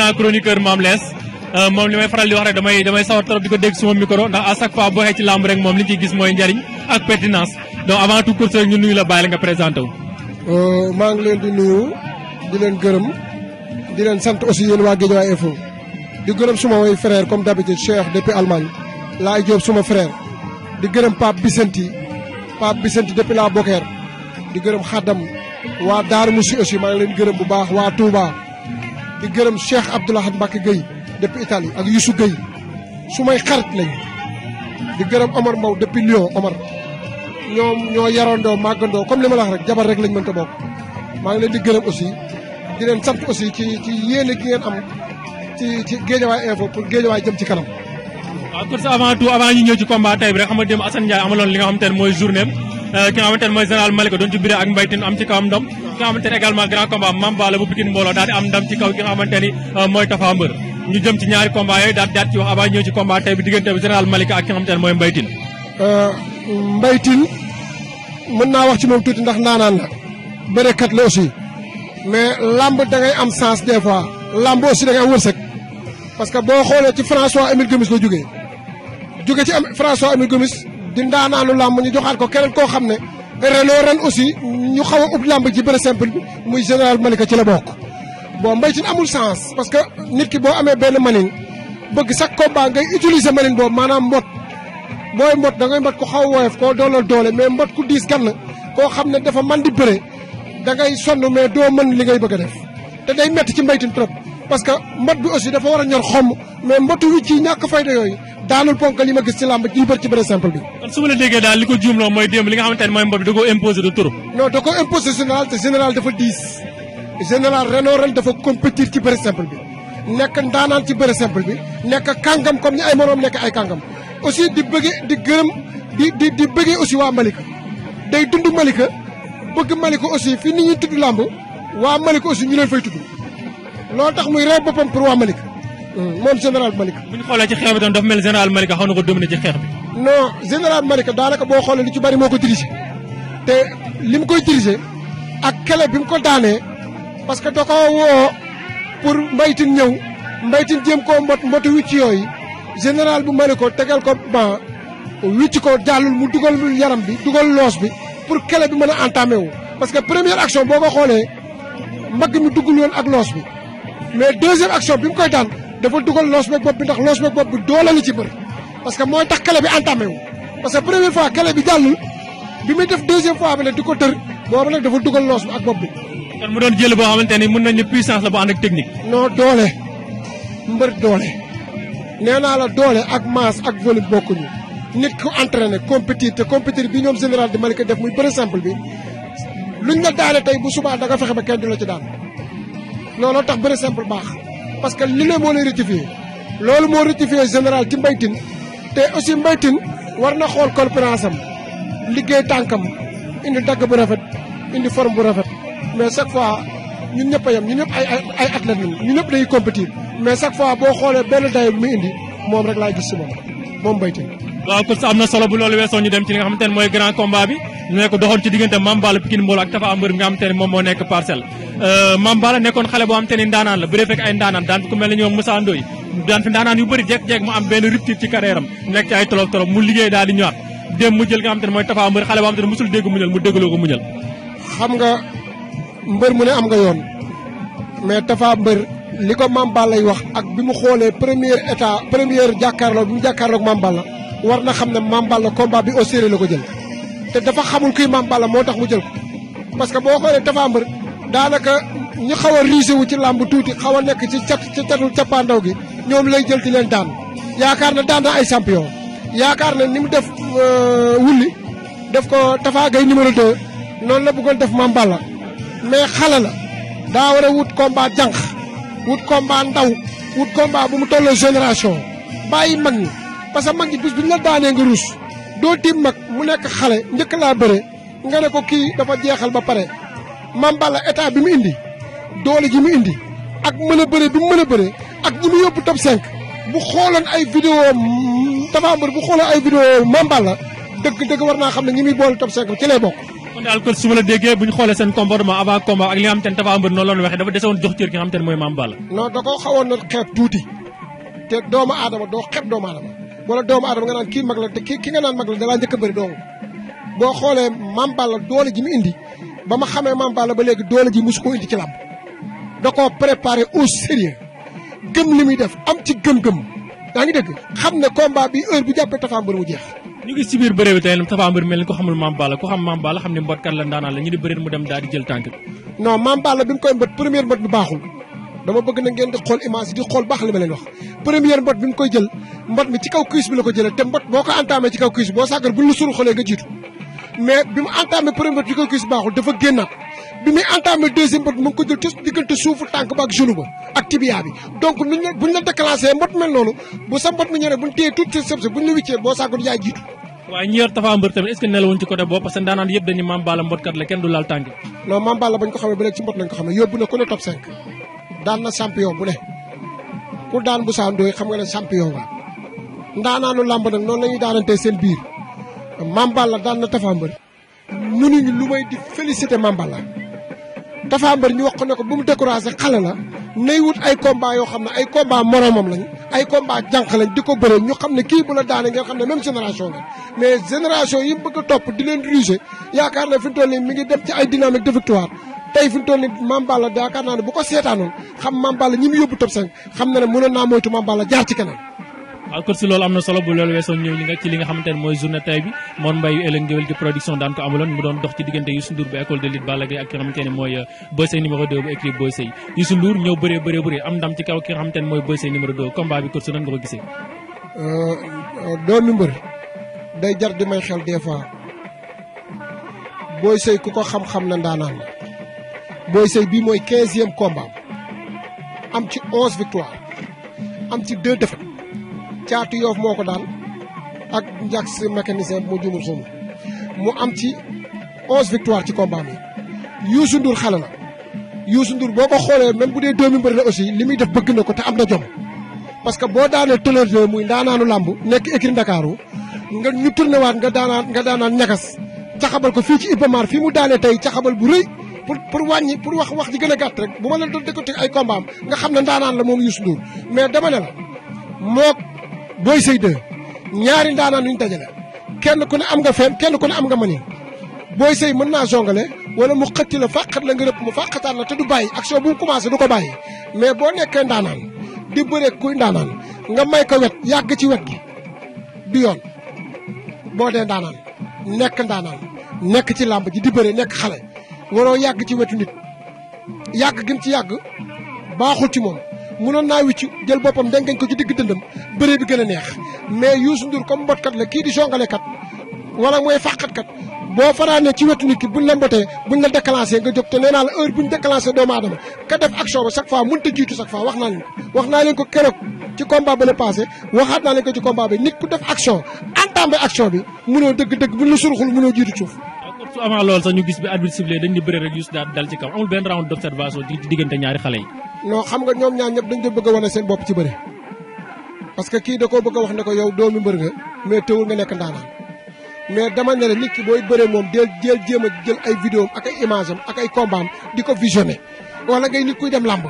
grand chroniqueur mam les euh, moom li may faral di wax rek damay damay sawar torop di ko suma micro ndax à chaque fois bo xee ci lamb rek mom li ci gis moy ndariñ ak pertinence donc avant tout course ñu nuyu la bay la nga présenter wu euh, ma ngi leen di nuyu di leen gërëm di leen sante aussi yeen wa Info di gërëm suma way frère comme d'habitude Cheikh depuis Allemagne la job suma frère di gërëm pap bisenti pap bisenti depuis la bokker di gërëm xaddam wa dar Musi aussi ma ngi leen gërëm bu baax wa Touba di gërëm Cheikh Abdou Lahad Mbacké Gueye depuis Italie ak Youssou Gueye su may xarit lañu di gërëm Omar Mbow depuis Lyon Omar ñoom ñoo yarandoo màggandoo comme li ma la wax rek jabar rek lañ mënta bokk maa ngi leen di gërëm aussi di leen sant aussi ci ci yéene gi ngeen am ci ci Guédiawaye info pour Guédiawaye jëm ci kanam. waaw parce que avant tout avant ñu ñëw ci combat bi rek xam nga démb Assane amaloon li nga xam te ne mooy journée Euh, ki nga xamante ne mooy général Malika doon ci biré ak Mbaye am ci kawam ndam ki nga xamante ne également grand combat Mame Balla bu am ndam ci kaw ki nga xamante ni euh, mooy Tapha Mbeur ñu jëm ci ñaari combat yooyu daal daal ci wax avant ñëw ci combat tey bi diggante bi général Malika ak ki nga xamante ne mooy Mbaye Tine euh, mën naa wax ci moom tuuti ndax naanaan la bërekat la aussi mais lamb da ngay am sens des fois aussi da am wërsëg parce que boo xoolee ci François Émile Gomis la di ndaanaanu làmb ñu joxaat ko keneen koo xam ne renoo ren aussi ñu xaw a ub làmb ji bëre simple bi muy général Malika ci la bokk bon Mbaye Tine amul sens parce que nit ki boo amee benn manin bëgg chaque combat ngay utiliser manin boobu maanaam mbot booy mbot da ngay mbot ku xaw woyof koo doolal doole mais mbot ku diis gann koo xam ne dafa man di bëre da ngay sonn mais doo mën li ngay bëgg a def te day metti ci Mbaye Tine trop parce que mbot bi aussi dafa wara a ñor xom mais mbotu wi ci ñak fayda yoy daanul ponk li ma gis ci lamb ci bër ci bëre simple bi kon suma la déggee dal liko jumlo moy dem li nga xamante moy mooy mbot bi da ko imposé de tour non da ko imposé général te général dafa 10 général Renaud dafa compétir ci bëre simple bi nek ndaanaan ci bëre simple bi nek kangam comme ñi ay morom nek ay kangam aussi di bëggee di gërem di di di bëggee aussi wa Malika day dund Malika bëgg Malika aussi fi ni ñi tuddu lamb wa Malika aussi ñu leen fay tuddu loolu tax muy rey boppam pour waa Malika moom général Malika. bu ñu xoolee ci xeex bi tam dafa mel général Malika xaw na ko dominer ci général Malika daanaka boo xoolee li ci bari moo ko dirigé te li mu koy dirigé ak kele bi mu ko daanee parce que da ko woo pour mbaytin ñëw mbaytin jéem koo mbot mbotu wicc yooyu général bu Malika tegal ko ban wicc ko jàllul mu dugal yaram bi dugal loos bi pour kele bi mën a entamé wu. parce que première action boo ko xoolee mbagg mi duggul yoon ak loos bi. mais deuxième action bi mu koy daan dafa dugal loos meeg bopp bi ndax loos meeg bopp bi doole la ci bëri parce que mooy tax kale bi entamé wu. parce que première fois kale bi jàllul bi muy def deuxième fois bi nag di ko tër boobu nag dafa dugal loos bi ak bopp bi. kon mu doon jël boo xamante ni mën nañu puissance la bu ànd ak technique. non doole mbër doole nee naa la doole ak masse ak volume bokkuñu nit ku entraîné compétir te compétir bi ñoom général de Malika def muy par bi luñ la daane tey bu subaa da nga fexe ba kenn du ci daan. looloo tax bëre simple baax parce que li ne moo lay rectifier loolu moo rectifier général ci Mbaye te aussi Mbaye war na xool compétence am liggéey tànkam indi dagg bu rafet indi forme bu rafet mais chaque fois ñun ñëpp a yem ñun ñëpp ay ay athlètes lañu ñun ñëpp dañuy compétir mais chaque fois boo xoolee benn dayo bi muy indi moom rek laay gis si moom moom Mbaye waaw coach am na solo bu loolu weesoo ñu dem ci li nga xamante ne mooy grand combat bi ñu nekk doxoon ci diggante Mame Balla Pikine Mbolo ak Tapha Mbeur euh, mu nekk mu di ñëwaat dem jël nga xam nga mbër mu ne am nga yoon mais Tapha Mbeur li ko Mame Balla lay wax ak bi mu xoolee première état première jàkkaarloo bi mu jàkkaarloo ak Mame war na xam ne Mame Balla combat bi au la ko jël te dafa xamul kuy Mame moo tax mu jël ko parce que boo xoolee Tapha Mbeur daanaka ñu xaw a wu ci làmb tuuti xaw a nekk ci cat ci catul cappaandaw gi ñoom lay jël di leen daan yaakaar na daan ay champion yaakaar na ni mu def euh, wulli def ko Tapha Gueye numéro 2 noonu la bëggoon def Mame Balla mais xale la daa war wut combat jànq wut combat ndaw wut combat bu mu tolloo génération bàyyi mag ñi parce que mag ñi bis bi ñu la daanee nga ruus doo tiim mag mu nekk xale njëkk laa bëre nga ne ko kii dafa jeexal ba pare Mame Balla état bi mu indi doole ji mu indi ak mën a bëre bi mu mën a bëre ak ñi mu yóbbu top 5 bu xooloon ay vidéo Tapha Mbeur bu xooloon ay vidéo Mame Balla dëgg war naa xam ne ñi muy boole top 5 ci lay bokk. kon daal kër la déggee bu ñu xoolee seen comportement avant combat ak li xam te ne Tapha Mbeur noonu la doon mooy Mame Balla. non da tuuti te aadama doo xeeb doomu aadama. wala doomu aadama nga naan kii mag la te ki ki nga naan mag la dalaa njëkk a bëri dong boo xoolee Mame Balla doole ji mu indi ba ma xamee Mame Balla ba léegi doole ji mosu koo indi ci làmb da koo préparé au sérieux gëm li muy def am ci gëm-gëm yaa ngi dégg xam ne combat bi heure bu jàppee Tapha Mbeur mu jeex ñu ngi ci biir bëre bi tey nag Tapha Mbeur mel ni ko xamul Mame Balla ku xam Mame Balla xam ne mbotkat la ndaanaan la ñu di bëri mu dem jël tànk non Mame Balla bi mu koy mbët première dama bëgg na ngeen di xool image yi di xool baax li ma leen wax première mbot bi mu koy jël mbot mi ci kaw cuisse bi la ko jëlee te mbot boo ko entamé ci kaw cuisse boo sàggar bu ñu suru xoolee nga jiitu mais bi mu entamé première mbot ci kaw baaxul dafa génnaat bi muy entamé deuxième mbot mu ngi ko jël ci diggante suufu tànk ba ak genou ak tibia bi donc nuñ la buñ la mbot mel noonu bu sa mbot mi ñoree buñ téyee tuuti seen sëb sa buñ la la daan na champion bu ne ku daan bu saandooy xam nga ne champion nga ndaanaanu làmb nag noonu la ñuy daanantee seen biir Mambal la daan na Tapha Mbeur mënuñu lu may di félicité Mambal la Tapha ñu wax ko ne ko bu mu découragé xale la nay wut ay combat yoo xam ne ay combat moromam lañ ay combat jànq lañ di ko bëre ñu xam ne kii bu la daane ngeen xam ne même génération la mais génération yi mu bëgg topp di leen ruger yaakaar na fi mu toll nii mi ngi dem ci ay dynamique de victoire tey fi mu toll nii Mame naa ne bu ko seetaanoon xam Mame ñi mu yóbbu top xam na ne mënoon naa moytu Mame Balla jaar ci kanam. waaw loolu am na solo bu loolu weesoo ñëw ñi nga ci li nga xamante ne mooy journée tey bi moon mbayu ëllëg ngéwél gi production daan ko amaloon mu doon dox ci diggante Youssou Ndour bu école de lutte Balla ak ki nga xamante mooy euh, Boy Seye numéro bu écrit Boy Seye Youssou ñëw bëree bëree bëree am ndam ci kaw ki nga xamante ne mooy Boy Seye numéro 2 combat bi kon su nan nga ko gisee euh, euh, doomi ko xam-xam na ndaanaan Boy Seye bii mooy quinzième combat am ci onze victoire am ci deux défaites caati yoof moo ko daan ak njax mécanicien bu ma jumul xawma mu am ci ons victoire ci combat bi Youssou Ndour xale la Youssou Ndour boo ko xoolee même bu dee doomi mbër la aussi li muy def bëgg na ko te am na jom parce que boo daanee tëlër muy ndaanaanu làmb nekk écrit Ndakaaru nga ñu tourné nga daanaan nga daanaan ñagas caxabal ko fii ci Ibamar fii mu daanee tey xabal bu rëy pour pour wàññi pour wax wax ji gëna gatt rek buma la doon décortique ay combat nga xam ne la mom Youssou Ndour mais dama ne la moog Boy sey de ñaari ndaanaan yu ñu dajale kenn ku ne am nga fen kenn ku ne am nga mani Boy sey mën na jongalé wala mu xëtti la la nga mu faqatan la te du bayyi action bu commencé du ko bayyi mais bo nekk ndaanaan di beure ku ndaanaan nga may ko wet yag ci wet gi du yoon boo dee ndaanaan nekk ndaanaan nekk ci lamb ji di beure nekk xalé waroo yàgg ci wetu nit yàgg gi gim ci yàgg baaxul ci moom munoon naa wicc jël boppam dengañ ko ci digg dëndam bëree bi gën a neex mais Youssou Ndour comme mbotkat la kii di jongalekat wala mooy fàqatkat boo fanaanee ci wetu nit ki buñ la mbotee buñ la déclenché nga jóg te nee naa la heure ñu déclenché doomu aadama ka def action ba chaque fois mënut a jiitu chaque fois wax naa leen wax naa leen ko keroog ci combat ba la passé waxaat naa leen ko ci combat bi nit ku def action entamé dëgg-dëgg buñ la suruxul mënoo jiitu suuf su avant loolu sax ñu gis bi arbitre sifflé dañ di bëre rek Youssou daal dal ci kaw amul benn round d'observation ci diggante ñaari xale yi non xam nga ñoom ñaar ñëpp dañ doon bëgg a wane seen bopp ci bëre parce que kii da koo bëgg a wax ne ko yow doomi mbër nga mais teewul nga nekk ndaanaan mais dama ne la nit ki booy bëre moom del del jéem a jël ay vidéo ak ay image am ak ay combat am di ko visionné wala ngay nit kuy dem làmb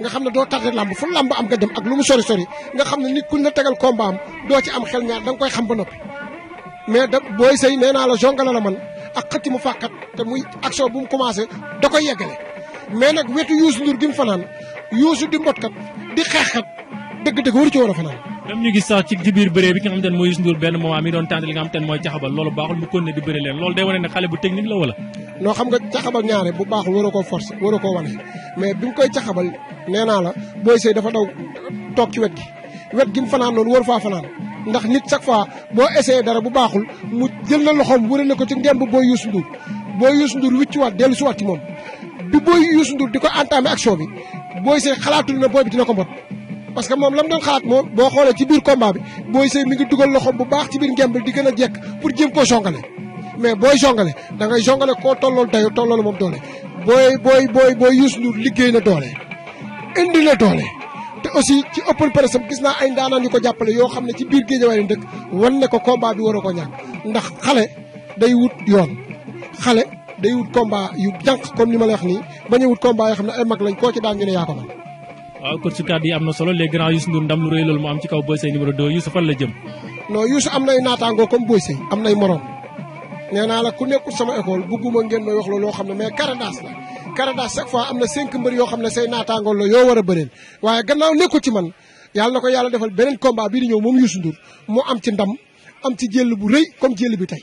nga xam ne doo tardé fu làmb am nga dem ak lu mu sori sori nga xam nit kuñ la tegal combat am doo ci am xel ñaar da nga koy xam ba noppi mais da booy sëy la jongale la man ak xëtti mu fàkkat te muy action bu mu commencé da ko yeggale mais nag wetu Youssou Ndour gi mu fanaan Youssou di mbotkat di xeexkat dëgg-dëgg waru ci woon fanaan dam ñu gis sax ci biir bëree bi ki nga xam te ne mooy Youssou Ndour benn moment mi doon tànn li nga xam te ne mooy caxabal loolu baaxul mu continuer di bëri leen loolu day wane ne xale bu technique la wala noo xam nga caxabal ñaare bu baaxul waroo koo force waroo koo wane mais bi nga koy caxabal nee naa la booy sëy dafa daw toog ci wet gi wet gi mu fanaan loolu waru faa fanaan ndax nit chaque fois boo essayé dara bu baaxul mu jël na loxoom wërale ko ci ngemb booy Youssou Ndour booy Youssou Ndour wiccuwaat dellu siwaat ci moom bi booy Youssou Ndour di ko entamé action bi booy sëy xalaatul na booy bi dina ko mbot parce que moom la mu doon xalaat moom boo xoolee ci biir combat bi booy sëy mi ngi dugal loxoom bu baax ci biir ngemb di gën a jekk pour jéem koo songale mais booy songale da ngay songale koo tollool dayo tollool moom doole booy booy booy booy Youssou Ndour liggéey na doole indi na doole te aussi ci open press gis naa ay ndaanaan yu ko jàppale yoo xam ne ci biir Guédiawaye lañ dëkk wan ne ko combat bi war a ko ñàkk ndax xale day wut yoon xale day wut combat yu jànq comme ni nii bañ a wut combat yoo xam ne ay mag lañ koo ci daan ngi ne yaa ko man waaw kon ci am na solo les grands Youssou Ndour ndam lu rëy loolu mu am ci kaw Boy Seye numéro 2 Youssou fan la jëm non Youssou am nay naataangoo comme Boy Seye am nay moroom nee naa la ku nekkul sama école bugguma ngeen may wax loolu loo xam ne mais caradaas la Karada chaque fois am na cinq mbër yoo xam ne say naataangoon la yoo war a bëreel waaye gannaaw nekkul ci man yàlla na ko yàlla defal beneen combat bi di ñëw moom Youssou Ndour moo am ci ndam am ci jël bu rëy comme jël bi tey